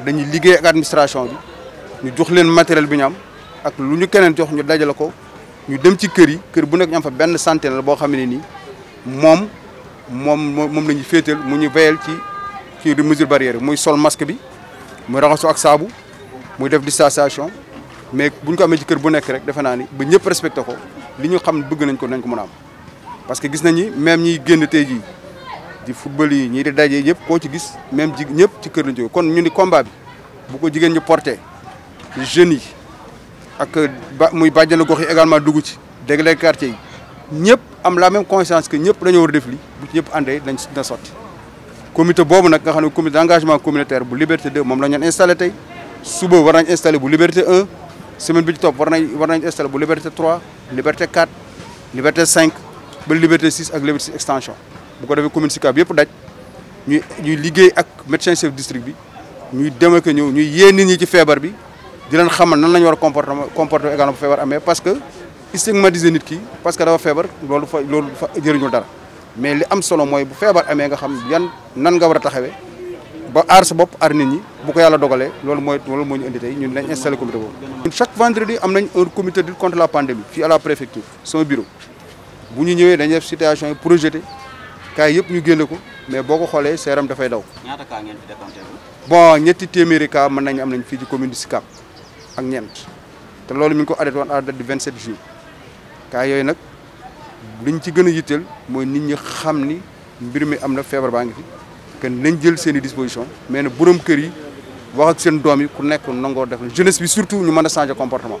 dañuy liggéey ak administration bi ñu jox leen matériel bi ñu am ak lu ñu keneen jox ñu dajale ko ñu dem ci kër yi kër bu nekk ñu am fa benn sentinelle boo xam ne nii moom moom moom la ñuy féetal mu ñu veyel ci ci mesure barrière muy sol masque bi muy raxasu ak saabu muy def distanciation mais bu ñu ko amee ci kër bu nekk rek defe naa ni ba ñëpp respecté ko li ñu xam bëgg nañ ko nañ ko mën a am parce que gis nañ ni même ñiy génn tey jii di football yi ñii di daje ñëpp koo ci gis même ji ñep ci kër lañ jógee kon ñu ni combat bi bu ko jigen ñu porter jeunes yi ak muy bàjjenu gox yi également dugg ci dégle quartier yi ñëpp am la même conscience que ñep dañu wara def li bu ci ñëpp àndee dañ na sotti comité bobu nak nga xam comité d'engagement communautaire bu liberté 2 mom la ñu installé tey suba war nañ installé bu liberté 1 semaine bi ci top war nañ war nañ installer bu liberté 3 liberté 4 liberté 5 ba liberté 6 ak liberté 6 extension nous ko avec commune district bi ñuy dem ak ñeu ñuy faire nit ñi ci fièvre bi di xamal nan lañ wara parce que stigmatiser nit ki parce que dafa mais li am solo moy bu fièvre amé nga xam nan nga wara taxawé ba sa nit bu ko ñu ñun comité chaque vendredi am nañ un comité contre la pandémie puis à la préfecture son bureau bu ñu situation kaay yëpp ñu génne ko mais boo ko xoolee seeram dafay daw. bon ñetti téeméeri cas mën nañ am nañ fii ci commune si Sicap ak ñeent te loolu mi ko arrêté woon à la date du yooyu nag liñ ci gën a mooy nit ñi xam ni mbir mi am na feebar baa ngi fi que nañ jël seen i disposition mais na borom kër yi wax ak seen doom yi ku nekk nangoo def jeunesse bi surtout ñu mën a changer comportement.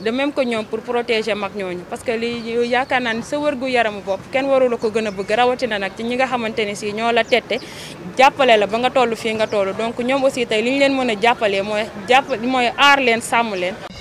de même ko ñoom pour protéger mag ñooñu parce que lii yaakaar naa ni sa wërgu yaramu bopp kenn warula ko gën a bëgg rawatina nag ci ñi nga xamante ne si ñoo la tette jàppale la ba nga toll fii nga toll donc ñoom aussi tey li ñu leen mën a jàppale mooy jàpp mooy aar leen sàmm leen